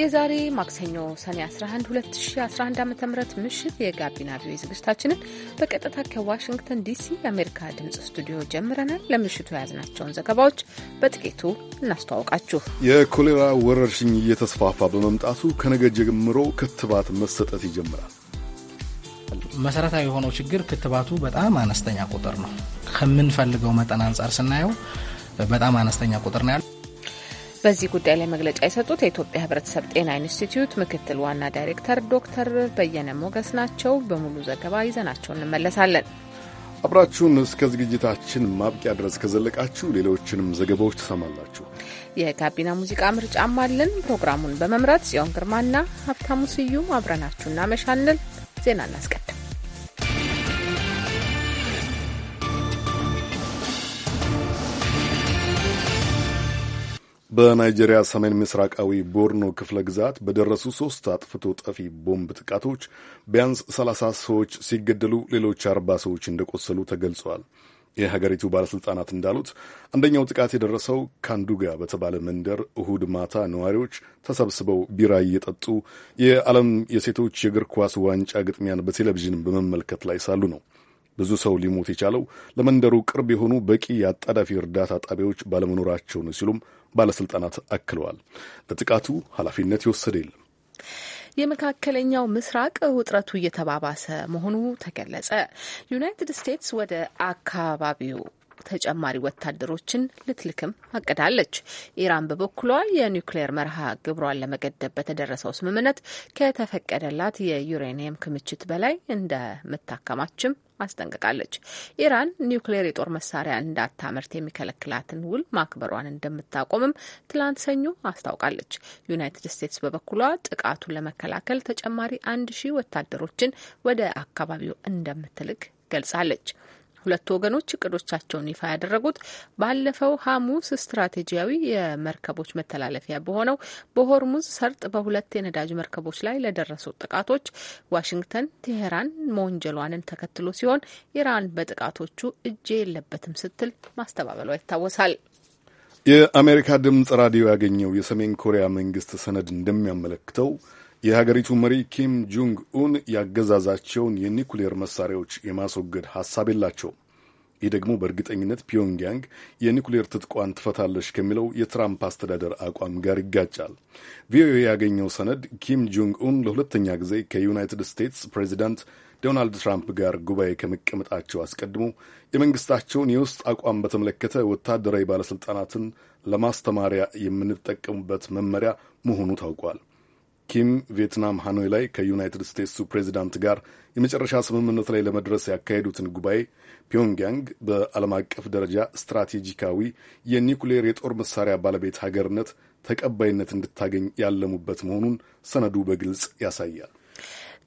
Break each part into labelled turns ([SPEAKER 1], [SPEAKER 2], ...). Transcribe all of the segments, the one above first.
[SPEAKER 1] የዛሬ ማክሰኞ ሰኔ 11 2011 ዓ ም ምሽት የጋቢና ቪኦኤ ዝግጅታችንን በቀጥታ ከዋሽንግተን ዲሲ የአሜሪካ ድምጽ ስቱዲዮ ጀምረናል። ለምሽቱ የያዝናቸውን ዘገባዎች
[SPEAKER 2] በጥቂቱ እናስተዋውቃችሁ።
[SPEAKER 3] የኮሌራ ወረርሽኝ እየተስፋፋ በመምጣቱ ከነገ ጀምሮ ክትባት መሰጠት ይጀምራል።
[SPEAKER 2] መሰረታዊ የሆነው ችግር ክትባቱ በጣም አነስተኛ ቁጥር ነው። ከምንፈልገው መጠን አንጻር ስናየው በጣም አነስተኛ ቁጥር ነው ያለው
[SPEAKER 1] በዚህ ጉዳይ ላይ መግለጫ የሰጡት የኢትዮጵያ ሕብረተሰብ ጤና ኢንስቲትዩት ምክትል ዋና ዳይሬክተር ዶክተር በየነ ሞገስ ናቸው። በሙሉ ዘገባ ይዘናቸው እንመለሳለን።
[SPEAKER 3] አብራችሁን እስከ ዝግጅታችን ማብቂያ ድረስ ከዘለቃችሁ ሌሎችንም ዘገባዎች
[SPEAKER 4] ትሰማላችሁ።
[SPEAKER 1] የጋቢና ሙዚቃ ምርጫም አለን። ፕሮግራሙን በመምራት ጽዮን ግርማና ሀብታሙ ስዩም አብረናችሁ እናመሻለን። ዜና እናስቀድም።
[SPEAKER 3] በናይጄሪያ ሰሜን ምስራቃዊ ቦርኖ ክፍለ ግዛት በደረሱ ሶስት አጥፍቶ ጠፊ ቦምብ ጥቃቶች ቢያንስ 30 ሰዎች ሲገደሉ ሌሎች 40 ሰዎች እንደቆሰሉ ተገልጸዋል። የሀገሪቱ ባለሥልጣናት እንዳሉት አንደኛው ጥቃት የደረሰው ካንዱጋ በተባለ መንደር እሁድ ማታ ነዋሪዎች ተሰብስበው ቢራ እየጠጡ የዓለም የሴቶች የእግር ኳስ ዋንጫ ግጥሚያን በቴሌቪዥን በመመልከት ላይ ሳሉ ነው። ብዙ ሰው ሊሞት የቻለው ለመንደሩ ቅርብ የሆኑ በቂ የአጣዳፊ እርዳታ ጣቢያዎች ባለመኖራቸው ነው ሲሉም ባለስልጣናት አክለዋል። ለጥቃቱ ኃላፊነት የወሰደ የለም።
[SPEAKER 1] የመካከለኛው ምስራቅ ውጥረቱ እየተባባሰ መሆኑ ተገለጸ። ዩናይትድ ስቴትስ ወደ አካባቢው ተጨማሪ ወታደሮችን ልትልክም አቅዳለች። ኢራን በበኩሏ የኒውክሌር መርሃ ግብሯን ለመገደብ በተደረሰው ስምምነት ከተፈቀደላት የዩሬኒየም ክምችት በላይ እንደምታከማችም አስጠንቅቃለች። ኢራን ኒውክሌር የጦር መሳሪያ እንዳታመርት የሚከለክላትን ውል ማክበሯን እንደምታቆምም ትላንት ሰኞ አስታውቃለች። ዩናይትድ ስቴትስ በበኩሏ ጥቃቱን ለመከላከል ተጨማሪ አንድ ሺህ ወታደሮችን ወደ አካባቢው እንደምትልክ ገልጻለች። ሁለቱ ወገኖች እቅዶቻቸውን ይፋ ያደረጉት ባለፈው ሐሙስ ስትራቴጂያዊ የመርከቦች መተላለፊያ በሆነው በሆርሙዝ ሰርጥ በሁለት የነዳጅ መርከቦች ላይ ለደረሱ ጥቃቶች ዋሽንግተን ቴሄራን መወንጀሏንን ተከትሎ ሲሆን ኢራን በጥቃቶቹ እጄ የለበትም ስትል ማስተባበሏ ይታወሳል።
[SPEAKER 3] የአሜሪካ ድምጽ ራዲዮ ያገኘው የሰሜን ኮሪያ መንግስት ሰነድ እንደሚያመለክተው የሀገሪቱ መሪ ኪም ጁንግ ኡን ያገዛዛቸውን የኒኩሌር መሳሪያዎች የማስወገድ ሀሳብ የላቸውም። ይህ ደግሞ በእርግጠኝነት ፒዮንግያንግ የኒኩሌር ትጥቋን ትፈታለች ከሚለው የትራምፕ አስተዳደር አቋም ጋር ይጋጫል። ቪኦኤ ያገኘው ሰነድ ኪም ጁንግ ኡን ለሁለተኛ ጊዜ ከዩናይትድ ስቴትስ ፕሬዚዳንት ዶናልድ ትራምፕ ጋር ጉባኤ ከመቀመጣቸው አስቀድሞ የመንግስታቸውን የውስጥ አቋም በተመለከተ ወታደራዊ ባለሥልጣናትን ለማስተማሪያ የምንጠቀሙበት መመሪያ መሆኑ ታውቋል። ኪም ቪየትናም ሃኖይ ላይ ከዩናይትድ ስቴትሱ ፕሬዚዳንት ጋር የመጨረሻ ስምምነት ላይ ለመድረስ ያካሄዱትን ጉባኤ ፒዮንግያንግ በዓለም አቀፍ ደረጃ ስትራቴጂካዊ የኒውክሌር የጦር መሳሪያ ባለቤት ሀገርነት ተቀባይነት እንድታገኝ ያለሙበት መሆኑን ሰነዱ በግልጽ ያሳያል።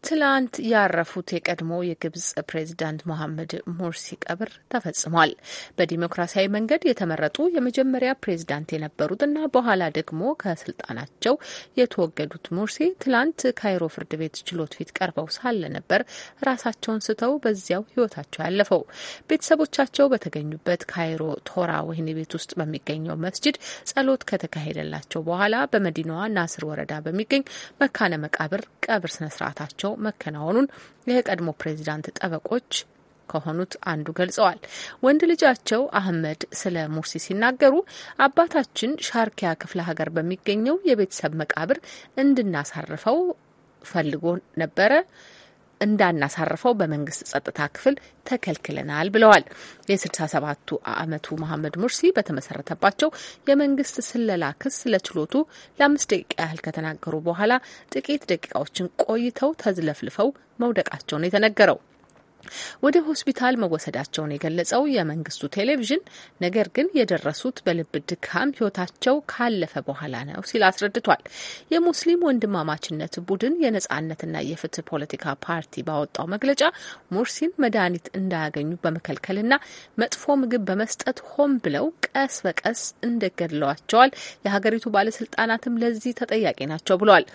[SPEAKER 1] ትላንት ያረፉት የቀድሞ የግብጽ ፕሬዚዳንት ሞሐመድ ሙርሲ ቀብር ተፈጽሟል። በዲሞክራሲያዊ መንገድ የተመረጡ የመጀመሪያ ፕሬዚዳንት እና በኋላ ደግሞ ከስልጣናቸው የተወገዱት ሙርሲ ትላንት ካይሮ ፍርድ ቤት ችሎት ፊት ቀርበው ሳለ ነበር ራሳቸውን ስተው በዚያው ሕይወታቸው ያለፈው። ቤተሰቦቻቸው በተገኙበት ካይሮ ቶራ ወህኒ ቤት ውስጥ በሚገኘው መስጅድ ጸሎት ከተካሄደላቸው በኋላ በመዲናዋ ናስር ወረዳ በሚገኝ መካነ መቃብር ቀብር ስነስርዓታቸው መከናወኑን የቀድሞ ፕሬዚዳንት ጠበቆች ከሆኑት አንዱ ገልጸዋል። ወንድ ልጃቸው አህመድ ስለ ሙርሲ ሲናገሩ አባታችን ሻርኪያ ክፍለ ሀገር በሚገኘው የቤተሰብ መቃብር እንድናሳርፈው ፈልጎ ነበረ እንዳናሳርፈው በመንግስት ጸጥታ ክፍል ተከልክለናል ብለዋል። የ67ቱ ዓመቱ መሐመድ ሙርሲ በተመሰረተባቸው የመንግስት ስለላ ክስ ለችሎቱ ለአምስት ደቂቃ ያህል ከተናገሩ በኋላ ጥቂት ደቂቃዎችን ቆይተው ተዝለፍልፈው መውደቃቸውን የተነገረው ወደ ሆስፒታል መወሰዳቸውን የገለጸው የመንግስቱ ቴሌቪዥን ነገር ግን የደረሱት በልብ ድካም ህይወታቸው ካለፈ በኋላ ነው ሲል አስረድቷል። የሙስሊም ወንድማማችነት ቡድን የነጻነትና የፍትህ ፖለቲካ ፓርቲ ባወጣው መግለጫ ሙርሲን መድኃኒት እንዳያገኙ በመከልከልና መጥፎ ምግብ በመስጠት ሆን ብለው ቀስ በቀስ እንደገድለዋቸዋል። የሀገሪቱ ባለስልጣናትም ለዚህ ተጠያቂ ናቸው ብለዋል።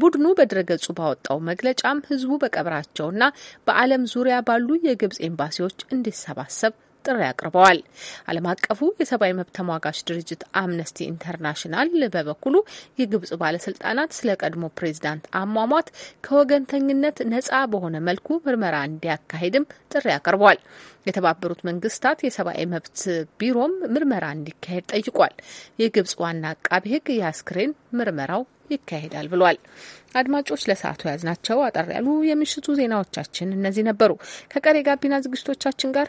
[SPEAKER 1] ቡድኑ በድረገጹ ባወጣው መግለጫም ህዝቡ በቀብራቸውና በዓለም ዙሪያ ባሉ የግብጽ ኤምባሲዎች እንዲሰባሰብ ጥሪ አቅርበዋል። ዓለም አቀፉ የሰብአዊ መብት ተሟጋች ድርጅት አምነስቲ ኢንተርናሽናል በበኩሉ የግብጽ ባለስልጣናት ስለ ቀድሞ ፕሬዚዳንት አሟሟት ከወገንተኝነት ነጻ በሆነ መልኩ ምርመራ እንዲያካሄድም ጥሪ አቅርቧል። የተባበሩት መንግስታት የሰብአዊ መብት ቢሮም ምርመራ እንዲካሄድ ጠይቋል። የግብጽ ዋና አቃቢ ህግ የአስክሬን ምርመራው ይካሄዳል ብሏል። አድማጮች ለሰዓቱ ናቸው አጠር ያሉ የምሽቱ ዜናዎቻችን እነዚህ ነበሩ። ከቀሪ ጋቢና ዝግጅቶቻችን ጋር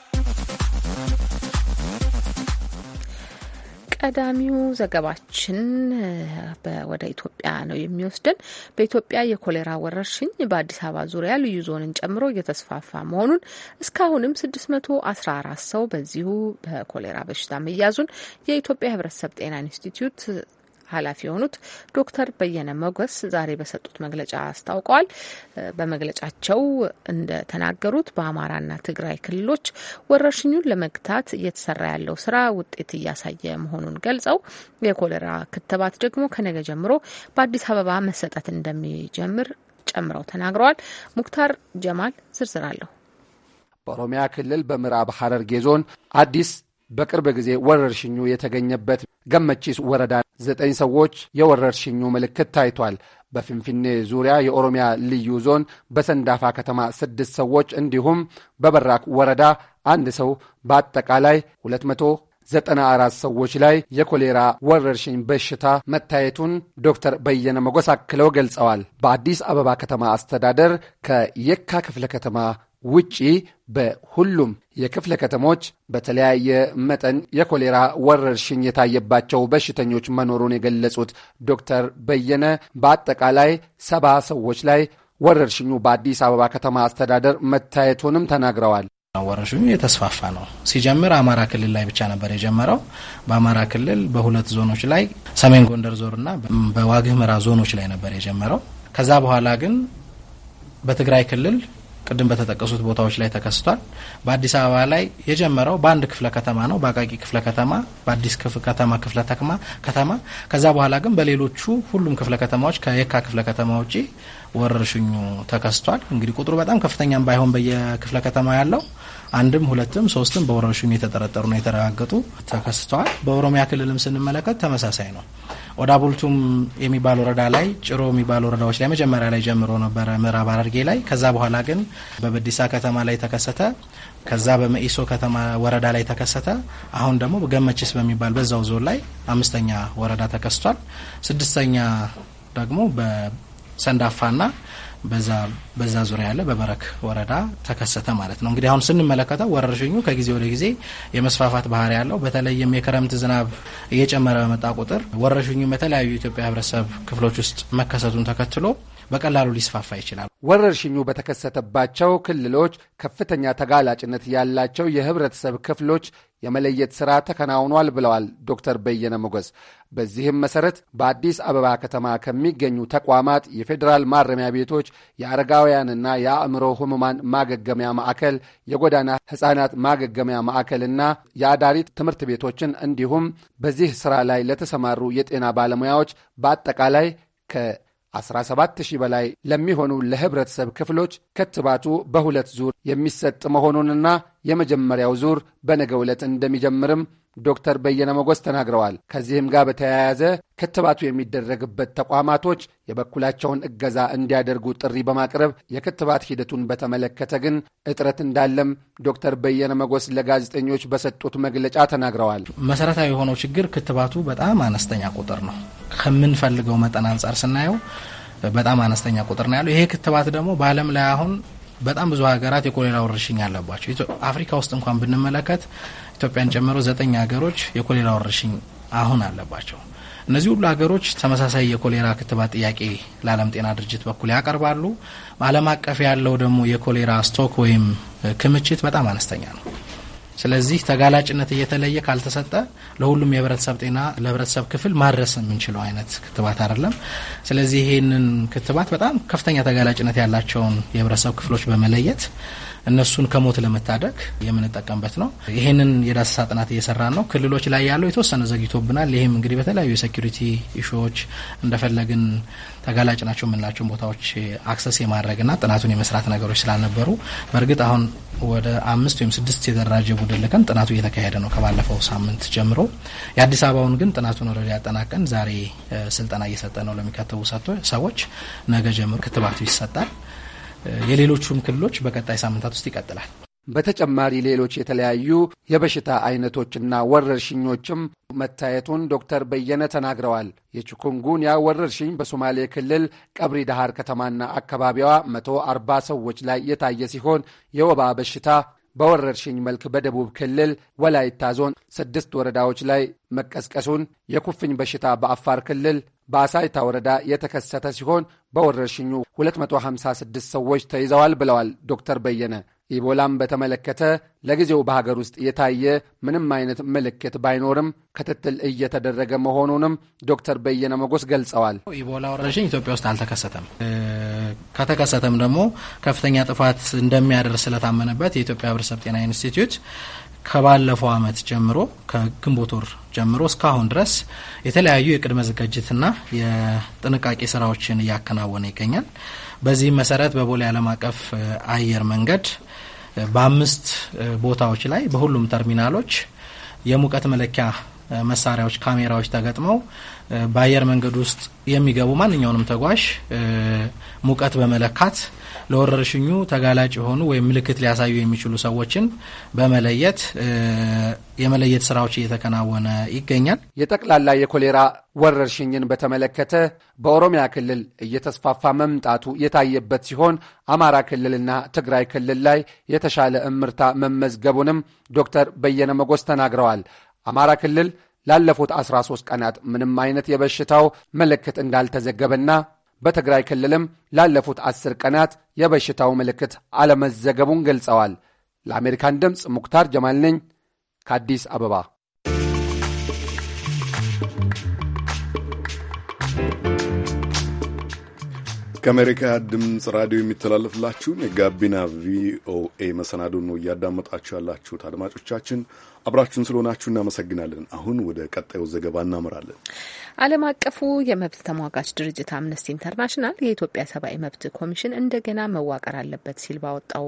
[SPEAKER 1] ቀዳሚው ዘገባችን ወደ ኢትዮጵያ ነው የሚወስድን። በኢትዮጵያ የኮሌራ ወረርሽኝ በአዲስ አበባ ዙሪያ ልዩ ዞንን ጨምሮ እየተስፋፋ መሆኑን እስካሁንም 614 ሰው በዚሁ በኮሌራ በሽታ መያዙን የኢትዮጵያ ሕብረተሰብ ጤና ኢንስቲትዩት ኃላፊ የሆኑት ዶክተር በየነ መጎስ ዛሬ በሰጡት መግለጫ አስታውቀዋል። በመግለጫቸው እንደተናገሩት በአማራና ትግራይ ክልሎች ወረርሽኙን ለመግታት እየተሰራ ያለው ስራ ውጤት እያሳየ መሆኑን ገልጸው የኮሌራ ክትባት ደግሞ ከነገ ጀምሮ በአዲስ አበባ መሰጠት እንደሚጀምር ጨምረው ተናግረዋል። ሙክታር ጀማል
[SPEAKER 5] ዝርዝር አለሁ። በኦሮሚያ ክልል በምዕራብ ሐረርጌ ዞን አዲስ በቅርብ ጊዜ ወረርሽኙ የተገኘበት ገመቺስ ወረዳ ዘጠኝ ሰዎች የወረርሽኙ ምልክት ታይቷል። በፊንፊኔ ዙሪያ የኦሮሚያ ልዩ ዞን በሰንዳፋ ከተማ ስድስት ሰዎች እንዲሁም በበራክ ወረዳ አንድ ሰው በአጠቃላይ 294 ሰዎች ላይ የኮሌራ ወረርሽኝ በሽታ መታየቱን ዶክተር በየነ መጎስ አክለው ገልጸዋል። በአዲስ አበባ ከተማ አስተዳደር ከየካ ክፍለ ከተማ ውጪ በሁሉም የክፍለ ከተሞች በተለያየ መጠን የኮሌራ ወረርሽኝ የታየባቸው በሽተኞች መኖሩን የገለጹት ዶክተር በየነ በአጠቃላይ ሰባ ሰዎች ላይ ወረርሽኙ በአዲስ አበባ ከተማ አስተዳደር መታየቱንም ተናግረዋል። ወረርሽኙ
[SPEAKER 2] የተስፋፋ ነው። ሲጀምር አማራ ክልል ላይ ብቻ ነበር የጀመረው። በአማራ ክልል በሁለት ዞኖች ላይ ሰሜን ጎንደር ዞንና በዋግህምራ ዞኖች ላይ ነበር የጀመረው። ከዛ በኋላ ግን በትግራይ ክልል ቅድም በተጠቀሱት ቦታዎች ላይ ተከስቷል። በአዲስ አበባ ላይ የጀመረው በአንድ ክፍለ ከተማ ነው፣ በአቃቂ ክፍለ ከተማ፣ በአዲስ ከተማ ክፍለ ከተማ። ከዛ በኋላ ግን በሌሎቹ ሁሉም ክፍለ ከተማዎች ከየካ ክፍለ ከተማ ውጪ ወረርሽኙ ተከስቷል። እንግዲህ ቁጥሩ በጣም ከፍተኛም ባይሆን በየክፍለ ከተማ ያለው አንድም ሁለትም ሶስትም በወረርሽኙ ነው የተረጋገጡ ተከስተዋል። በኦሮሚያ ክልልም ስንመለከት ተመሳሳይ ነው። ኦዳ ቡልቱም የሚባል ወረዳ ላይ፣ ጭሮ የሚባል ወረዳዎች ላይ መጀመሪያ ላይ ጀምሮ ነበረ ምዕራብ ሐረርጌ ላይ። ከዛ በኋላ ግን በበዲሳ ከተማ ላይ ተከሰተ። ከዛ በመኢሶ ከተማ ወረዳ ላይ ተከሰተ። አሁን ደግሞ ገመችስ በሚባል በዛው ዞን ላይ አምስተኛ ወረዳ ተከስቷል። ስድስተኛ ደግሞ በሰንዳፋና በዛ ዙሪያ ያለ በበረክ ወረዳ ተከሰተ ማለት ነው። እንግዲህ አሁን ስንመለከተው ወረርሽኙ ከጊዜ ወደ ጊዜ የመስፋፋት ባህሪ ያለው በተለይም የክረምት ዝናብ እየጨመረ በመጣ ቁጥር ወረርሽኙ በተለያዩ የኢትዮጵያ ሕብረተሰብ ክፍሎች ውስጥ መከሰቱን ተከትሎ በቀላሉ ሊስፋፋ ይችላል።
[SPEAKER 5] ወረርሽኙ በተከሰተባቸው ክልሎች ከፍተኛ ተጋላጭነት ያላቸው የህብረተሰብ ክፍሎች የመለየት ሥራ ተከናውኗል ብለዋል ዶክተር በየነ ሞገስ። በዚህም መሠረት በአዲስ አበባ ከተማ ከሚገኙ ተቋማት የፌዴራል ማረሚያ ቤቶች፣ የአረጋውያንና የአእምሮ ህሙማን ማገገሚያ ማዕከል፣ የጎዳና ሕፃናት ማገገሚያ ማዕከልና የአዳሪ ትምህርት ቤቶችን እንዲሁም በዚህ ሥራ ላይ ለተሰማሩ የጤና ባለሙያዎች በአጠቃላይ ከ 17,000 በላይ ለሚሆኑ ለህብረተሰብ ክፍሎች ክትባቱ በሁለት ዙር የሚሰጥ መሆኑንና የመጀመሪያው ዙር በነገ ዕለት እንደሚጀምርም ዶክተር በየነ መጎስ ተናግረዋል። ከዚህም ጋር በተያያዘ ክትባቱ የሚደረግበት ተቋማቶች የበኩላቸውን እገዛ እንዲያደርጉ ጥሪ በማቅረብ የክትባት ሂደቱን በተመለከተ ግን እጥረት እንዳለም ዶክተር በየነ መጎስ ለጋዜጠኞች በሰጡት መግለጫ ተናግረዋል።
[SPEAKER 2] መሰረታዊ የሆነው ችግር ክትባቱ በጣም አነስተኛ ቁጥር ነው። ከምንፈልገው መጠን አንጻር ስናየው በጣም አነስተኛ ቁጥር ነው ያለው። ይሄ ክትባት ደግሞ በዓለም ላይ አሁን በጣም ብዙ ሀገራት የኮሌራ ወረርሽኝ አለባቸው። አፍሪካ ውስጥ እንኳን ብንመለከት ኢትዮጵያን ጨምሮ ዘጠኝ ሀገሮች የኮሌራ ወረርሽኝ አሁን አለባቸው። እነዚህ ሁሉ ሀገሮች ተመሳሳይ የኮሌራ ክትባት ጥያቄ ለዓለም ጤና ድርጅት በኩል ያቀርባሉ። ዓለም አቀፍ ያለው ደግሞ የኮሌራ ስቶክ ወይም ክምችት በጣም አነስተኛ ነው። ስለዚህ ተጋላጭነት እየተለየ ካልተሰጠ ለሁሉም የህብረተሰብ ጤና ለህብረተሰብ ክፍል ማድረስ የምንችለው አይነት ክትባት አይደለም። ስለዚህ ይህንን ክትባት በጣም ከፍተኛ ተጋላጭነት ያላቸውን የህብረተሰብ ክፍሎች በመለየት እነሱን ከሞት ለመታደግ የምንጠቀምበት ነው። ይህንን የዳሰሳ ጥናት እየሰራን ነው። ክልሎች ላይ ያለው የተወሰነ ዘግይቶብናል። ይህም እንግዲህ በተለያዩ የሴኩሪቲ ኢሹዎች እንደፈለግን ተጋላጭ ናቸው የምንላቸውን ቦታዎች አክሰስ የማድረግና ጥናቱን የመስራት ነገሮች ስላልነበሩ በእርግጥ አሁን ወደ አምስት ወይም ስድስት የደራጀ ቡድን ልከን ጥናቱ እየተካሄደ ነው ከባለፈው ሳምንት ጀምሮ። የአዲስ አበባውን ግን ጥናቱን ወደ ያጠናቀን ዛሬ ስልጠና እየሰጠ ነው ለሚከተቡ ሰዎች ነገ ጀምሮ ክትባቱ ይሰጣል። የሌሎቹም ክልሎች በቀጣይ ሳምንታት ውስጥ ይቀጥላል።
[SPEAKER 5] በተጨማሪ ሌሎች የተለያዩ የበሽታ አይነቶችና ወረርሽኞችም መታየቱን ዶክተር በየነ ተናግረዋል። የቺኩንጉንያ ወረርሽኝ በሶማሌ ክልል ቀብሪ ዳሃር ከተማና አካባቢዋ 140 ሰዎች ላይ የታየ ሲሆን የወባ በሽታ በወረርሽኝ መልክ በደቡብ ክልል ወላይታ ዞን ስድስት ወረዳዎች ላይ መቀስቀሱን፣ የኩፍኝ በሽታ በአፋር ክልል በአሳይታ ወረዳ የተከሰተ ሲሆን በወረርሽኙ 256 ሰዎች ተይዘዋል ብለዋል ዶክተር በየነ ኢቦላም በተመለከተ ለጊዜው በሀገር ውስጥ የታየ ምንም አይነት ምልክት ባይኖርም ክትትል እየተደረገ መሆኑንም ዶክተር በየነ መጎስ ገልጸዋል። ኢቦላ
[SPEAKER 2] ወረርሽኝ ኢትዮጵያ ውስጥ አልተከሰተም። ከተከሰተም ደግሞ ከፍተኛ ጥፋት እንደሚያደርስ ስለታመነበት የኢትዮጵያ ሕብረተሰብ ጤና ኢንስቲትዩት ከባለፈው አመት ጀምሮ ከግንቦት ወር ጀምሮ እስካሁን ድረስ የተለያዩ የቅድመ ዝግጅትና የጥንቃቄ ስራዎችን እያከናወነ ይገኛል። በዚህም መሰረት በቦሌ ዓለም አቀፍ አየር መንገድ በአምስት ቦታዎች ላይ በሁሉም ተርሚናሎች የሙቀት መለኪያ መሳሪያዎች፣ ካሜራዎች ተገጥመው በአየር መንገድ ውስጥ የሚገቡ ማንኛውንም ተጓዥ ሙቀት በመለካት ለወረርሽኙ ተጋላጭ የሆኑ ወይም ምልክት ሊያሳዩ የሚችሉ ሰዎችን በመለየት የመለየት ስራዎች እየተከናወነ ይገኛል።
[SPEAKER 5] የጠቅላላ የኮሌራ ወረርሽኝን በተመለከተ በኦሮሚያ ክልል እየተስፋፋ መምጣቱ የታየበት ሲሆን አማራ ክልልና ትግራይ ክልል ላይ የተሻለ እምርታ መመዝገቡንም ዶክተር በየነ መጎስ ተናግረዋል። አማራ ክልል ላለፉት 13 ቀናት ምንም አይነት የበሽታው ምልክት እንዳልተዘገበና በትግራይ ክልልም ላለፉት አስር ቀናት የበሽታው ምልክት አለመዘገቡን ገልጸዋል። ለአሜሪካን ድምፅ ሙክታር ጀማል ነኝ ከአዲስ አበባ። ከአሜሪካ
[SPEAKER 3] ድምፅ ራዲዮ የሚተላለፍላችሁን የጋቢና ቪኦኤ መሰናዶ ነው እያዳመጣችሁ ያላችሁት አድማጮቻችን። አብራችሁን ስለሆናችሁ እናመሰግናለን። አሁን ወደ ቀጣዩ ዘገባ እናመራለን።
[SPEAKER 1] ዓለም አቀፉ የመብት ተሟጋች ድርጅት አምነስቲ ኢንተርናሽናል የኢትዮጵያ ሰብአዊ መብት ኮሚሽን እንደገና መዋቀር አለበት ሲል ባወጣው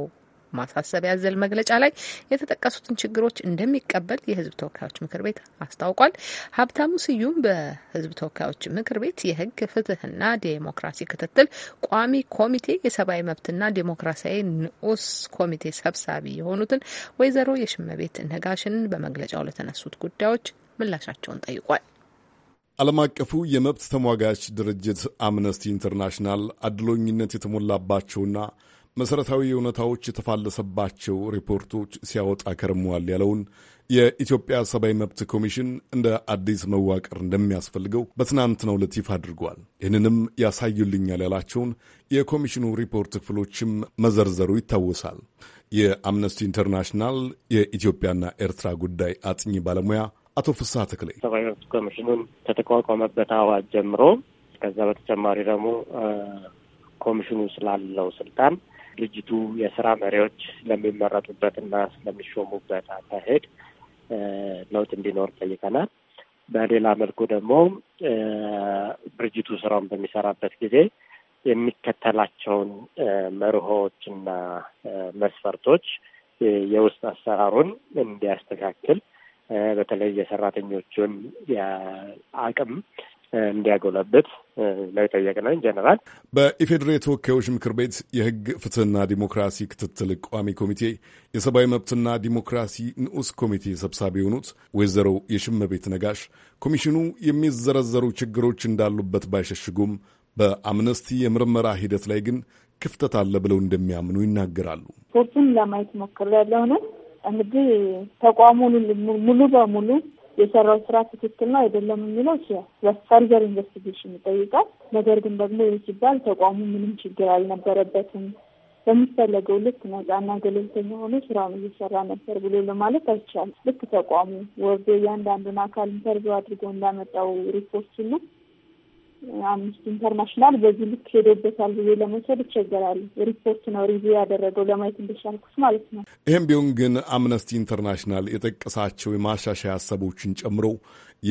[SPEAKER 1] ማሳሰቢያ ዘል መግለጫ ላይ የተጠቀሱትን ችግሮች እንደሚቀበል የህዝብ ተወካዮች ምክር ቤት አስታውቋል። ሀብታሙ ስዩም በህዝብ ተወካዮች ምክር ቤት የህግ ፍትህና ዴሞክራሲ ክትትል ቋሚ ኮሚቴ የሰብአዊ መብትና ዴሞክራሲያዊ ንዑስ ኮሚቴ ሰብሳቢ የሆኑትን ወይዘሮ የሽመቤት ነጋሽን በመግለጫው ለተነሱት ጉዳዮች ምላሻቸውን ጠይቋል።
[SPEAKER 3] ዓለም አቀፉ የመብት ተሟጋች ድርጅት አምነስቲ ኢንተርናሽናል አድሎኝነት የተሞላባቸውና መሠረታዊ እውነታዎች የተፋለሰባቸው ሪፖርቶች ሲያወጣ ከርመዋል ያለውን የኢትዮጵያ ሰብአዊ መብት ኮሚሽን እንደ አዲስ መዋቅር እንደሚያስፈልገው በትናንትናው ዕለት ይፋ አድርጓል። ይህንንም ያሳዩልኛል ያላቸውን የኮሚሽኑ ሪፖርት ክፍሎችም መዘርዘሩ ይታወሳል። የአምነስቲ ኢንተርናሽናል የኢትዮጵያና ኤርትራ ጉዳይ አጥኚ ባለሙያ አቶ ፍስሐ ተክሌ
[SPEAKER 6] ሰብአዊ መብት ኮሚሽኑን ከተቋቋመበት አዋጅ ጀምሮ ከዛ በተጨማሪ ደግሞ ኮሚሽኑ ስላለው ስልጣን ድርጅቱ የስራ መሪዎች ለሚመረጡበትና ለሚሾሙበት አካሄድ ለውጥ እንዲኖር ጠይቀናል። በሌላ መልኩ ደግሞ ድርጅቱ ስራውን በሚሰራበት ጊዜ የሚከተላቸውን መርሆዎችና መስፈርቶች የውስጥ አሰራሩን እንዲያስተካክል በተለይ የሰራተኞቹን የአቅም እንዲያጎለብት ነው የጠየቅነው። ጀነራል
[SPEAKER 3] በኢፌዴሪ የተወካዮች ምክር ቤት የህግ ፍትህና ዲሞክራሲ ክትትል ቋሚ ኮሚቴ የሰብአዊ መብትና ዲሞክራሲ ንዑስ ኮሚቴ ሰብሳቢ የሆኑት ወይዘሮ የሽመቤት ነጋሽ ኮሚሽኑ የሚዘረዘሩ ችግሮች እንዳሉበት ባይሸሽጉም በአምነስቲ የምርመራ ሂደት ላይ ግን ክፍተት አለ ብለው እንደሚያምኑ ይናገራሉ።
[SPEAKER 6] ሶርቱን ለማየት ሞክሬያለሁ። እንግዲህ ተቋሙን ሙሉ በሙሉ የሰራው ስራ ትክክል ነው አይደለም የሚለው ፈርዘር ኢንቨስቲጌሽን ይጠይቃል። ነገር ግን ደግሞ ይህ ሲባል ተቋሙ ምንም ችግር አልነበረበትም፣ በሚፈለገው ልክ ነጻና ገለልተኛ ሆኖ ስራውን እየሰራ ነበር ብሎ ለማለት አይቻልም። ልክ ተቋሙ ወርዶ እያንዳንዱን አካል ኢንተርቪው አድርጎ እንዳመጣው ሪፖርት ሁሉ አምነስቲ ኢንተርናሽናል በዚህ ልክ ሄዶበታል ብዬ ለመውሰድ ይቸገራሉ። ሪፖርት ነው ሪቪው ያደረገው ለማየት እንደሻልኩት ማለት ነው።
[SPEAKER 3] ይህም ቢሆን ግን አምነስቲ ኢንተርናሽናል የጠቀሳቸው የማሻሻያ ሀሳቦችን ጨምሮ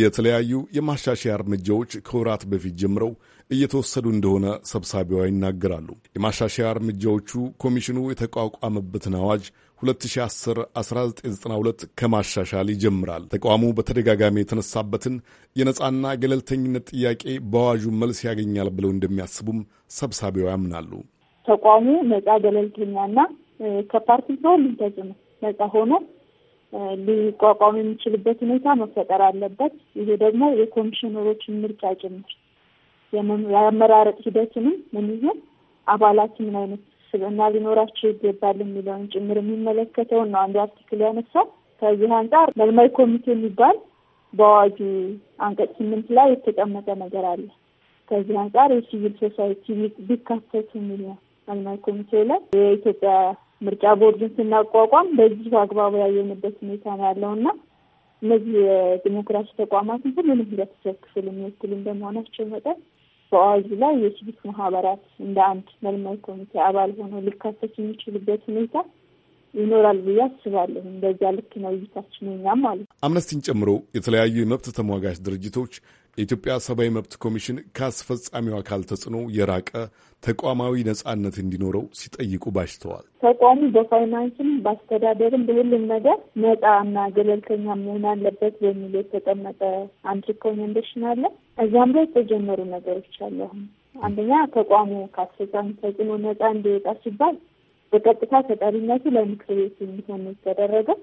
[SPEAKER 3] የተለያዩ የማሻሻያ እርምጃዎች ከወራት በፊት ጀምረው እየተወሰዱ እንደሆነ ሰብሳቢዋ ይናገራሉ። የማሻሻያ እርምጃዎቹ ኮሚሽኑ የተቋቋመበትን አዋጅ 2010-1992 ከማሻሻል ይጀምራል። ተቋሙ በተደጋጋሚ የተነሳበትን የነጻና ገለልተኝነት ጥያቄ በአዋዡ መልስ ያገኛል ብለው እንደሚያስቡም ሰብሳቢው ያምናሉ።
[SPEAKER 6] ተቋሙ ነጻ ገለልተኛና ከፓርቲ ከሁሉም ተጽዕኖ ነጻ ሆኖ ሊቋቋም የሚችልበት ሁኔታ መፈጠር አለበት። ይሄ ደግሞ የኮሚሽነሮችን ምርጫ ጭምር የአመራረጥ ሂደትንም ምን አባላት ምን አይነት ስብዕና ሊኖራቸው ይገባል የሚለውን ጭምር የሚመለከተውን ነው አንዱ አርቲክል ያነሳል። ከዚህ አንጻር መልማይ ኮሚቴ የሚባል በአዋጁ አንቀጽ ስምንት ላይ የተቀመጠ ነገር አለ። ከዚህ አንጻር የሲቪል ሶሳይቲ ቢካተት የሚል ነው። መልማይ ኮሚቴ ላይ የኢትዮጵያ ምርጫ ቦርድን ስናቋቋም በዚሁ አግባቡ ያየንበት ሁኔታ ነው ያለው እና እነዚህ የዲሞክራሲ ተቋማት ሁሉንም ህብረተሰብ ክፍል የሚወክሉ እንደመሆናቸው መጠን በአዋጁ ላይ የሲቪክ ማህበራት እንደ አንድ መልማይ ኮሚቴ አባል ሆኖ ሊካተት የሚችልበት ሁኔታ ይኖራል ብዬ አስባለሁ። እንደዚያ ልክ ነው እይታችን የኛም ማለት ነው።
[SPEAKER 3] አምነስቲን ጨምሮ የተለያዩ የመብት ተሟጋች ድርጅቶች የኢትዮጵያ ሰብአዊ መብት ኮሚሽን ከአስፈጻሚው አካል ተጽዕኖ የራቀ ተቋማዊ ነጻነት እንዲኖረው ሲጠይቁ ባሽተዋል።
[SPEAKER 6] ተቋሙ በፋይናንስም በአስተዳደርም በሁሉም ነገር ነጻ እና ገለልተኛ መሆን አለበት በሚል የተቀመጠ አንድ ሪኮሜንዴሽን አለ። እዛም ላይ የተጀመሩ ነገሮች አሉ። አሁን አንደኛ ተቋሙ ከአስፈጻሚ ተጽዕኖ ነጻ እንዲወጣ ሲባል በቀጥታ ተጠሪነቱ ለምክር ቤት የሚሆን የተደረገው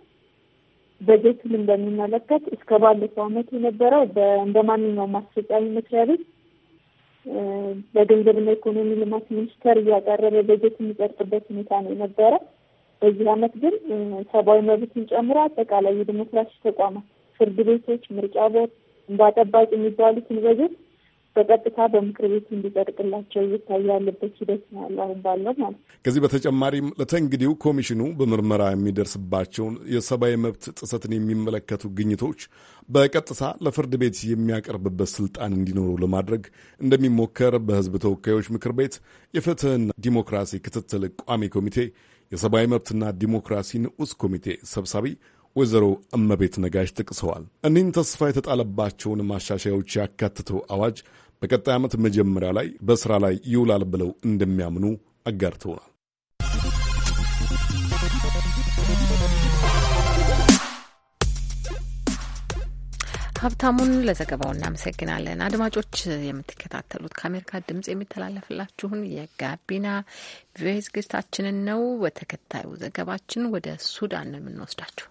[SPEAKER 6] በጀቱን እንደሚመለከት እስከ ባለፈው ዓመት የነበረው እንደ ማንኛውም አስፈጻሚ መስሪያ ቤት በገንዘብና ኢኮኖሚ ልማት ሚኒስቴር እያቀረበ በጀት የሚጸድቅበት ሁኔታ ነው የነበረ። በዚህ ዓመት ግን ሰብአዊ መብትን ጨምሮ አጠቃላይ የዲሞክራሲ ተቋማት፣ ፍርድ ቤቶች፣ ምርጫ ቦርድ፣ እንባ የሚባሉትን በጀት በቀጥታ በምክር ቤት እንዲጸድቅላቸው ይታይ ያለበት ሂደት ነው ያለው አሁን ባለው ማለት ነው።
[SPEAKER 3] ከዚህ በተጨማሪም ለተንግዲው ኮሚሽኑ በምርመራ የሚደርስባቸውን የሰብአዊ መብት ጥሰትን የሚመለከቱ ግኝቶች በቀጥታ ለፍርድ ቤት የሚያቀርብበት ስልጣን እንዲኖሩ ለማድረግ እንደሚሞከር በህዝብ ተወካዮች ምክር ቤት የፍትህና ዲሞክራሲ ክትትል ቋሚ ኮሚቴ የሰብአዊ መብትና ዲሞክራሲ ንዑስ ኮሚቴ ሰብሳቢ ወይዘሮ እመቤት ነጋሽ ጠቅሰዋል። እኒህን ተስፋ የተጣለባቸውን ማሻሻያዎች ያካትተው አዋጅ በቀጣይ ዓመት መጀመሪያ ላይ በሥራ ላይ ይውላል ብለው እንደሚያምኑ አጋርተውናል።
[SPEAKER 1] ሀብታሙን ለዘገባው እናመሰግናለን። አድማጮች የምትከታተሉት ከአሜሪካ ድምጽ የሚተላለፍላችሁን የጋቢና ቪኦኤ ዝግጅታችንን ነው። በተከታዩ ዘገባችን ወደ ሱዳን ነው የምንወስዳችሁ።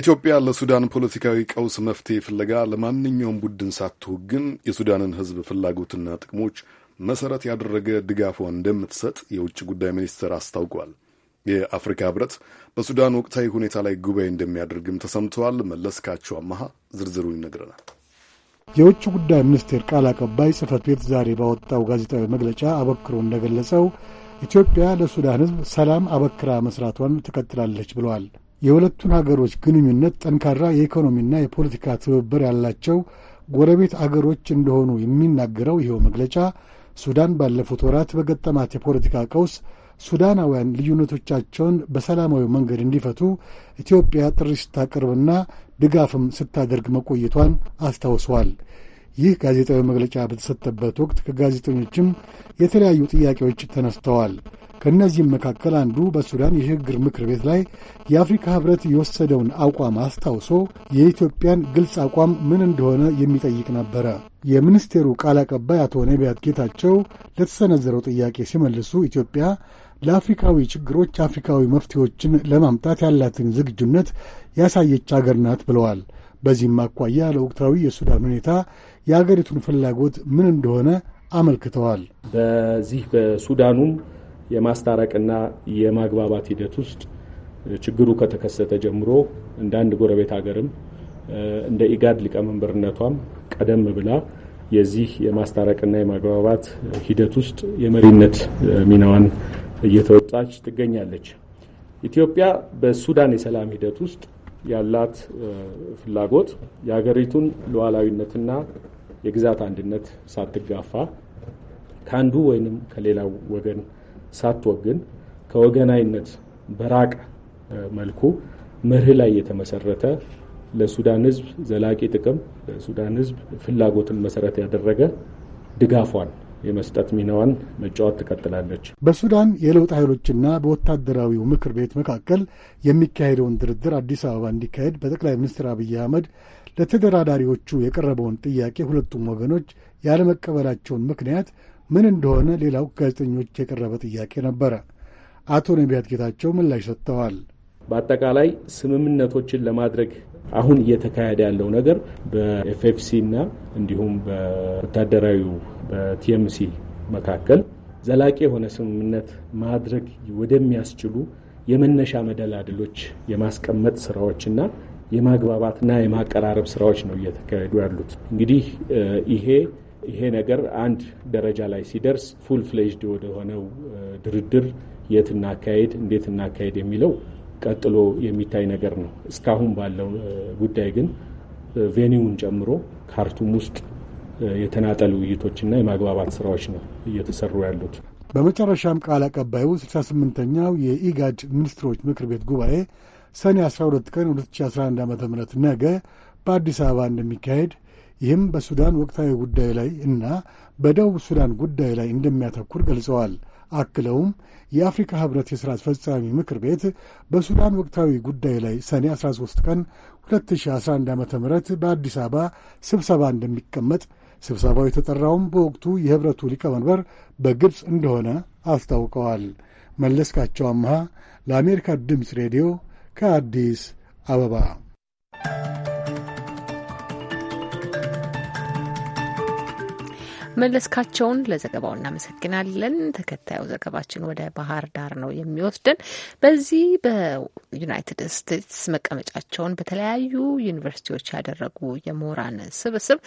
[SPEAKER 3] ኢትዮጵያ ለሱዳን ፖለቲካዊ ቀውስ መፍትሄ ፍለጋ ለማንኛውም ቡድን ሳትወግን የሱዳንን ሕዝብ ፍላጎትና ጥቅሞች መሰረት ያደረገ ድጋፏን እንደምትሰጥ የውጭ ጉዳይ ሚኒስትር አስታውቋል። የአፍሪካ ህብረት በሱዳን ወቅታዊ ሁኔታ ላይ ጉባኤ እንደሚያደርግም ተሰምተዋል። መለስካቸው አመሃ ዝርዝሩን ይነግረናል።
[SPEAKER 7] የውጭ ጉዳይ ሚኒስቴር ቃል አቀባይ ጽህፈት ቤት ዛሬ ባወጣው ጋዜጣዊ መግለጫ አበክሮ እንደገለጸው ኢትዮጵያ ለሱዳን ህዝብ ሰላም አበክራ መስራቷን ትቀጥላለች ብለዋል። የሁለቱን አገሮች ግንኙነት ጠንካራ የኢኮኖሚና የፖለቲካ ትብብር ያላቸው ጎረቤት አገሮች እንደሆኑ የሚናገረው ይኸው መግለጫ ሱዳን ባለፉት ወራት በገጠማት የፖለቲካ ቀውስ ሱዳናውያን ልዩነቶቻቸውን በሰላማዊ መንገድ እንዲፈቱ ኢትዮጵያ ጥሪ ስታቀርብና ድጋፍም ስታደርግ መቆየቷን አስታውሰዋል። ይህ ጋዜጣዊ መግለጫ በተሰጠበት ወቅት ከጋዜጠኞችም የተለያዩ ጥያቄዎች ተነስተዋል። ከእነዚህም መካከል አንዱ በሱዳን የሽግግር ምክር ቤት ላይ የአፍሪካ ህብረት የወሰደውን አቋም አስታውሶ የኢትዮጵያን ግልጽ አቋም ምን እንደሆነ የሚጠይቅ ነበረ። የሚኒስቴሩ ቃል አቀባይ አቶ ነቢያት ጌታቸው ለተሰነዘረው ጥያቄ ሲመልሱ ኢትዮጵያ ለአፍሪካዊ ችግሮች አፍሪካዊ መፍትሄዎችን ለማምጣት ያላትን ዝግጁነት ያሳየች አገር ናት ብለዋል። በዚህም አኳያ ለወቅታዊ የሱዳን ሁኔታ የአገሪቱን ፍላጎት ምን እንደሆነ አመልክተዋል።
[SPEAKER 8] በዚህ በሱዳኑም የማስታረቅና የማግባባት ሂደት ውስጥ ችግሩ ከተከሰተ ጀምሮ እንደ አንድ ጎረቤት ሀገርም እንደ ኢጋድ ሊቀመንበርነቷም ቀደም ብላ የዚህ የማስታረቅና የማግባባት ሂደት ውስጥ የመሪነት ሚናዋን እየተወጣች ትገኛለች። ኢትዮጵያ በሱዳን የሰላም ሂደት ውስጥ ያላት ፍላጎት የሀገሪቱን ሉዓላዊነትና የግዛት አንድነት ሳትጋፋ ከአንዱ ወይንም ከሌላው ወገን ሳትወግን ከወገናይነት በራቀ መልኩ መርህ ላይ የተመሰረተ ለሱዳን ህዝብ ዘላቂ ጥቅም ለሱዳን ህዝብ ፍላጎትን መሰረት ያደረገ ድጋፏን የመስጠት ሚናዋን መጫወት ትቀጥላለች።
[SPEAKER 7] በሱዳን የለውጥ ኃይሎችና በወታደራዊው ምክር ቤት መካከል የሚካሄደውን ድርድር አዲስ አበባ እንዲካሄድ በጠቅላይ ሚኒስትር አብይ አህመድ ለተደራዳሪዎቹ የቀረበውን ጥያቄ ሁለቱም ወገኖች ያለመቀበላቸውን ምክንያት ምን እንደሆነ ሌላው ጋዜጠኞች የቀረበ ጥያቄ ነበረ። አቶ ነቢያት ጌታቸው ምላሽ ሰጥተዋል።
[SPEAKER 8] በአጠቃላይ ስምምነቶችን ለማድረግ አሁን እየተካሄደ ያለው ነገር በኤፍኤፍሲ እና እንዲሁም በወታደራዊ በቲኤምሲ መካከል ዘላቂ የሆነ ስምምነት ማድረግ ወደሚያስችሉ የመነሻ መደላድሎች የማስቀመጥ ስራዎችና የማግባባትና የማቀራረብ ስራዎች ነው እየተካሄዱ ያሉት። እንግዲህ ይሄ ይሄ ነገር አንድ ደረጃ ላይ ሲደርስ ፉል ፍሌጅድ ወደሆነው ድርድር የት እናካሄድ፣ እንዴት እናካሄድ የሚለው ቀጥሎ የሚታይ ነገር ነው። እስካሁን ባለው ጉዳይ ግን ቬኒውን ጨምሮ ካርቱም ውስጥ የተናጠሉ ውይይቶችና የማግባባት ስራዎች ነው እየተሰሩ ያሉት።
[SPEAKER 7] በመጨረሻም ቃል አቀባዩ 68ኛው የኢጋድ ሚኒስትሮች ምክር ቤት ጉባኤ ሰኔ 12 ቀን 2011 ዓ ም ነገ በአዲስ አበባ እንደሚካሄድ ይህም በሱዳን ወቅታዊ ጉዳይ ላይ እና በደቡብ ሱዳን ጉዳይ ላይ እንደሚያተኩር ገልጸዋል። አክለውም የአፍሪካ ህብረት የሥራ አስፈጻሚ ምክር ቤት በሱዳን ወቅታዊ ጉዳይ ላይ ሰኔ 13 ቀን 2011 ዓ ም በአዲስ አበባ ስብሰባ እንደሚቀመጥ ስብሰባው የተጠራውም በወቅቱ የህብረቱ ሊቀመንበር በግብፅ እንደሆነ አስታውቀዋል። መለስካቸው አምሃ ለአሜሪካ ድምፅ ሬዲዮ ከአዲስ አበባ
[SPEAKER 1] መለስካቸውን ለዘገባው እናመሰግናለን። ተከታዩ ዘገባችን ወደ ባህር ዳር ነው የሚወስደን። በዚህ በዩናይትድ ስቴትስ መቀመጫቸውን በተለያዩ ዩኒቨርሲቲዎች ያደረጉ የምሁራን ስብስብ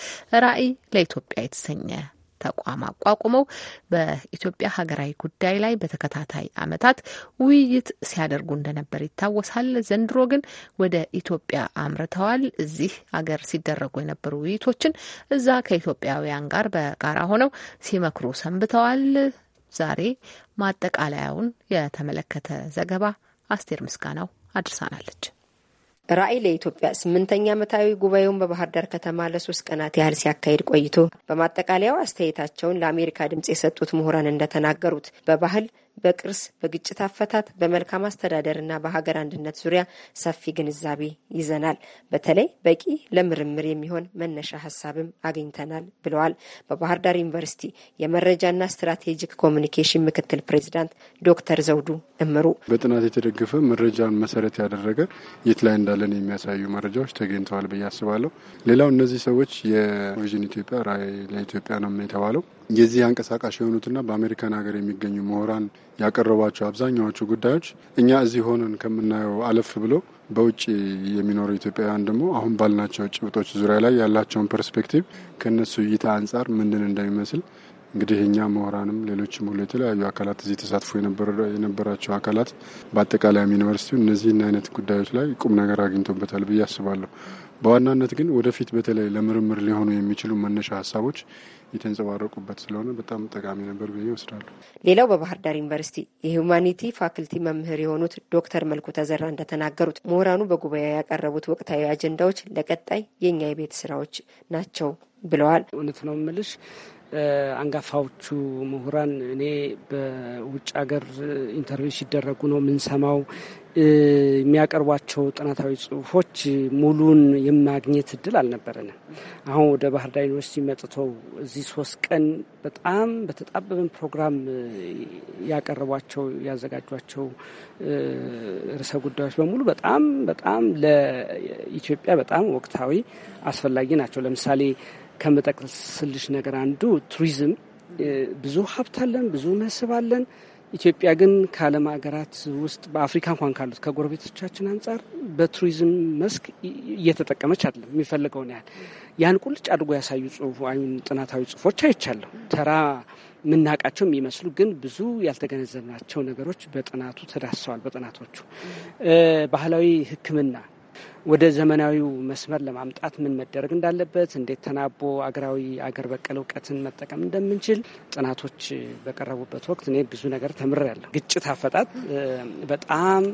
[SPEAKER 1] ራዕይ ለኢትዮጵያ የተሰኘ ተቋም አቋቁመው በኢትዮጵያ ሀገራዊ ጉዳይ ላይ በተከታታይ ዓመታት ውይይት ሲያደርጉ እንደነበር ይታወሳል። ዘንድሮ ግን ወደ ኢትዮጵያ አምርተዋል። እዚህ ሀገር ሲደረጉ የነበሩ ውይይቶችን እዛ ከኢትዮጵያውያን ጋር በጋራ ሆነው ሲመክሩ ሰንብተዋል። ዛሬ ማጠቃለያውን የተመለከተ ዘገባ አስቴር ምስጋናው አድርሳናለች።
[SPEAKER 4] ራዕይ ለኢትዮጵያ ስምንተኛ ዓመታዊ ጉባኤውን በባህር ዳር ከተማ ለሶስት ቀናት ያህል ሲያካሂድ ቆይቶ በማጠቃለያው አስተያየታቸውን ለአሜሪካ ድምፅ የሰጡት ምሁራን እንደተናገሩት በባህል በቅርስ፣ በግጭት አፈታት፣ በመልካም አስተዳደር እና በሀገር አንድነት ዙሪያ ሰፊ ግንዛቤ ይዘናል። በተለይ በቂ ለምርምር የሚሆን መነሻ ሀሳብም አግኝተናል ብለዋል። በባህር ዳር ዩኒቨርሲቲ የመረጃና ስትራቴጂክ ኮሚኒኬሽን ምክትል ፕሬዚዳንት ዶክተር ዘውዱ
[SPEAKER 7] እምሩ በጥናት የተደገፈ መረጃን መሰረት ያደረገ የት ላይ እንዳለን የሚያሳዩ መረጃዎች ተገኝተዋል ብዬ አስባለሁ። ሌላው እነዚህ ሰዎች የቪዥን ኢትዮጵያ ራዕይ ለኢትዮጵያ ነው የተባለው የዚህ አንቀሳቃሽ የሆኑትና በአሜሪካን ሀገር የሚገኙ ምሁራን ያቀረቧቸው አብዛኛዎቹ ጉዳዮች እኛ እዚህ ሆነን ከምናየው አለፍ ብሎ በውጭ የሚኖሩ ኢትዮጵያውያን ደግሞ አሁን ባልናቸው ጭብጦች ዙሪያ ላይ ያላቸውን ፐርስፔክቲቭ ከእነሱ እይታ አንጻር ምንድን እንደሚመስል እንግዲህ እኛ ምሁራንም ሌሎችም ሁሉ የተለያዩ አካላት እዚህ ተሳትፎ የነበራቸው አካላት በአጠቃላይም ዩኒቨርሲቲው እነዚህን አይነት ጉዳዮች ላይ ቁም ነገር አግኝቶበታል ብዬ አስባለሁ። በዋናነት ግን ወደፊት በተለይ ለምርምር ሊሆኑ የሚችሉ መነሻ ሀሳቦች የተንጸባረቁበት ስለሆነ በጣም ጠቃሚ ነበር ብዬ ይወስዳሉ።
[SPEAKER 4] ሌላው በባህር ዳር ዩኒቨርሲቲ የሁማኒቲ ፋክልቲ መምህር የሆኑት ዶክተር መልኩ ተዘራ እንደተናገሩት ምሁራኑ በጉባኤ
[SPEAKER 9] ያቀረቡት ወቅታዊ አጀንዳዎች ለቀጣይ የእኛ የቤት ስራዎች ናቸው ብለዋል። እውነት ነው ምልሽ አንጋፋዎቹ ምሁራን እኔ በውጭ ሀገር ኢንተርቪው ሲደረጉ ነው ምንሰማው የሚያቀርቧቸው ጥናታዊ ጽሁፎች ሙሉን የማግኘት እድል አልነበረንም። አሁን ወደ ባህር ዳር ዩኒቨርሲቲ መጥተው እዚህ ሶስት ቀን በጣም በተጣበበን ፕሮግራም ያቀረቧቸው ያዘጋጇቸው ርዕሰ ጉዳዮች በሙሉ በጣም በጣም ለኢትዮጵያ በጣም ወቅታዊ አስፈላጊ ናቸው። ለምሳሌ ከመጠቅስልሽ ነገር አንዱ ቱሪዝም ብዙ ሀብት አለን፣ ብዙ መስህብ አለን። ኢትዮጵያ ግን ከዓለም ሀገራት ውስጥ በአፍሪካ እንኳን ካሉት ከጎረቤቶቻችን አንጻር በቱሪዝም መስክ እየተጠቀመች አይደለም የሚፈልገውን ያህል። ያን ቁልጭ አድርጎ ያሳዩ ጥናታዊ ጽሁፎች አይቻለሁ። ተራ የምናውቃቸው የሚመስሉ ግን ብዙ ያልተገነዘብናቸው ነገሮች በጥናቱ ተዳሰዋል። በጥናቶቹ ባህላዊ ሕክምና ወደ ዘመናዊው መስመር ለማምጣት ምን መደረግ እንዳለበት፣ እንዴት ተናቦ አገራዊ አገር በቀል እውቀትን መጠቀም እንደምንችል ጥናቶች በቀረቡበት ወቅት እኔ ብዙ ነገር ተምሬያለሁ። ግጭት አፈጣጥ በጣም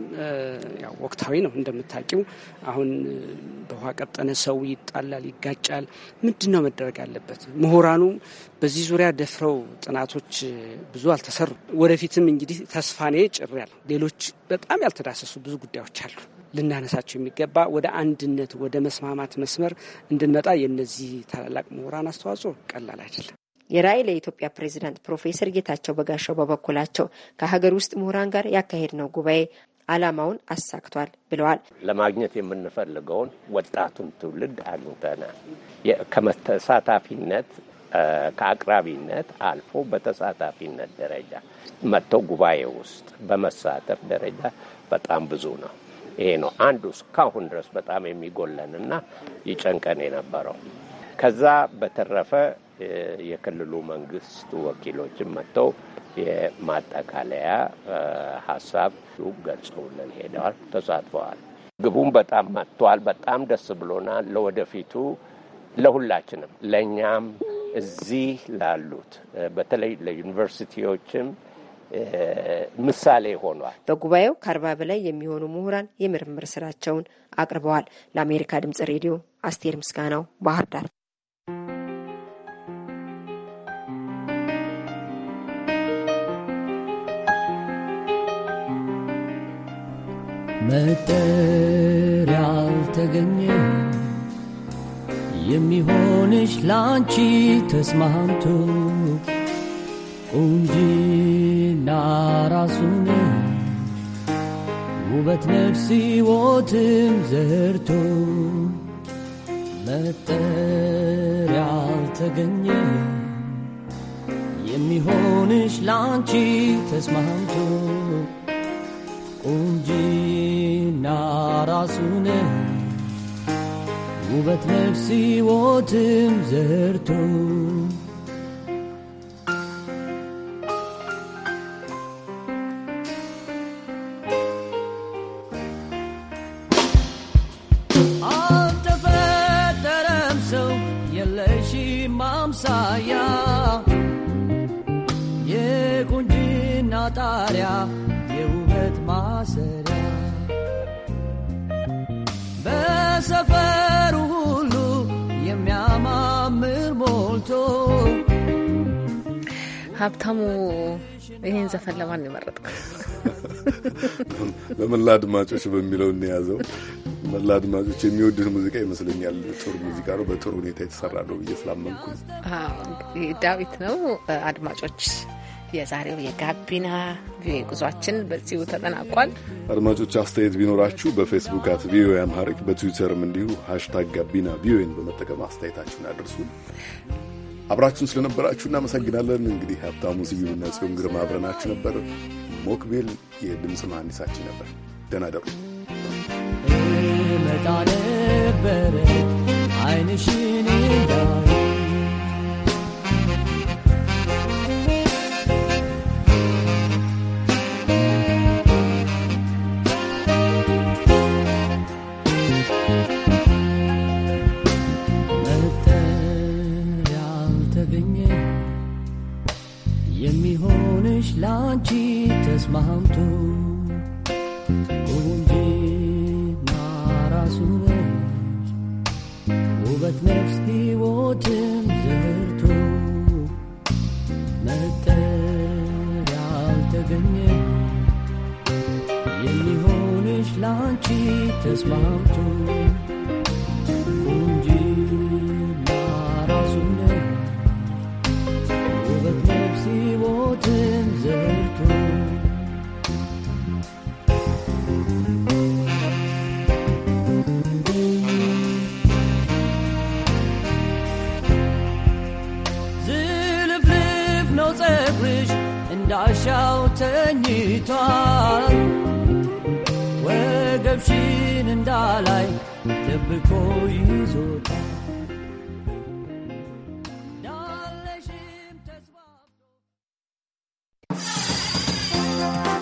[SPEAKER 9] ወቅታዊ ነው እንደምታውቂው። አሁን በውሃ ቀጠነ ሰው ይጣላል፣ ይጋጫል። ምንድን ነው መደረግ አለበት? ምሁራኑ በዚህ ዙሪያ ደፍረው ጥናቶች ብዙ አልተሰሩ ወደፊትም እንግዲህ ተስፋኔ ጭር ያለ ሌሎች በጣም ያልተዳሰሱ ብዙ ጉዳዮች አሉ። ልናነሳቸው የሚገባ ወደ አንድነት፣ ወደ መስማማት መስመር እንድንመጣ የነዚህ ታላላቅ ምሁራን አስተዋጽኦ
[SPEAKER 4] ቀላል አይደለም። የራዕይ ለኢትዮጵያ ፕሬዚዳንት ፕሮፌሰር ጌታቸው በጋሻው በበኩላቸው ከሀገር ውስጥ ምሁራን ጋር ያካሄድ ነው ጉባኤ ዓላማውን አሳክቷል ብለዋል። ለማግኘት የምንፈልገውን ወጣቱን ትውልድ አግኝተናል። ከመተሳታፊነት ከአቅራቢነት አልፎ በተሳታፊነት ደረጃ መጥተው ጉባኤ ውስጥ በመሳተፍ ደረጃ በጣም ብዙ ነው። ይሄ ነው አንዱ እስካሁን ድረስ በጣም የሚጎለን ይጨንቀን የነበረው። ከዛ በተረፈ የክልሉ መንግስት ወኪሎችም መጥተው የማጠቃለያ ሀሳብ ገልጸውልን ሄደዋል፣ ተሳትፈዋል። ግቡም በጣም መጥተዋል። በጣም ደስ ብሎናል። ለወደፊቱ ለሁላችንም ለእኛም እዚህ ላሉት በተለይ ለዩኒቨርሲቲዎችም ምሳሌ ሆኗል። በጉባኤው ከአርባ በላይ የሚሆኑ ምሁራን የምርምር ስራቸውን አቅርበዋል። ለአሜሪካ ድምጽ ሬዲዮ አስቴር ምስጋናው ባህር ዳር።
[SPEAKER 10] መጠር ያልተገኘ የሚሆንሽ ላንቺ ተስማምቶ ቁንጂ እና ራሱን ውበት ነፍስ ሕይወትም ዘርቶ መጠሪያ አልተገኘ የሚሆንሽ ላንቺ ተስማምቶ ቁንጂና ራሱን ውበት ነፍስ ሕይወትም ዘርቶ
[SPEAKER 1] ሀብታሙ ይህን ዘፈን ለማን የመረጥኩ?
[SPEAKER 3] ለመላ አድማጮች በሚለው እንያዘው። መላ አድማጮች የሚወዱት ሙዚቃ ይመስለኛል። ጥሩ ሙዚቃ ነው፣ በጥሩ ሁኔታ የተሰራ ነው ብዬ ስላመንኩ
[SPEAKER 1] ዳዊት ነው። አድማጮች የዛሬው የጋቢና ቪኦኤ ጉዟችን በዚሁ ተጠናቋል።
[SPEAKER 3] አድማጮች አስተያየት ቢኖራችሁ በፌስቡክ አት ቪኦኤ አምሃሪክ፣ በትዊተርም እንዲሁ ሀሽታግ ጋቢና ቪኦኤን በመጠቀም አስተያየታችሁን አድርሱ። አብራችሁን ስለነበራችሁ እናመሰግናለን። እንግዲህ ሀብታሙ ስዩምና ጽዮን ግርማ አብረናችሁ ነበር። ሞክቤል የድምፅ መሐንዲሳችን ነበር። ደህና ደሩ።
[SPEAKER 10] መጣ ነበረ አይንሽን ተስማምቶ ቁንጂና ራሱ ውበት ነፍስ ሕይወትም ዘርቶ መጠር ያልተገኘ የሚሆንሽ ላንቺ ተስማምቶ 我。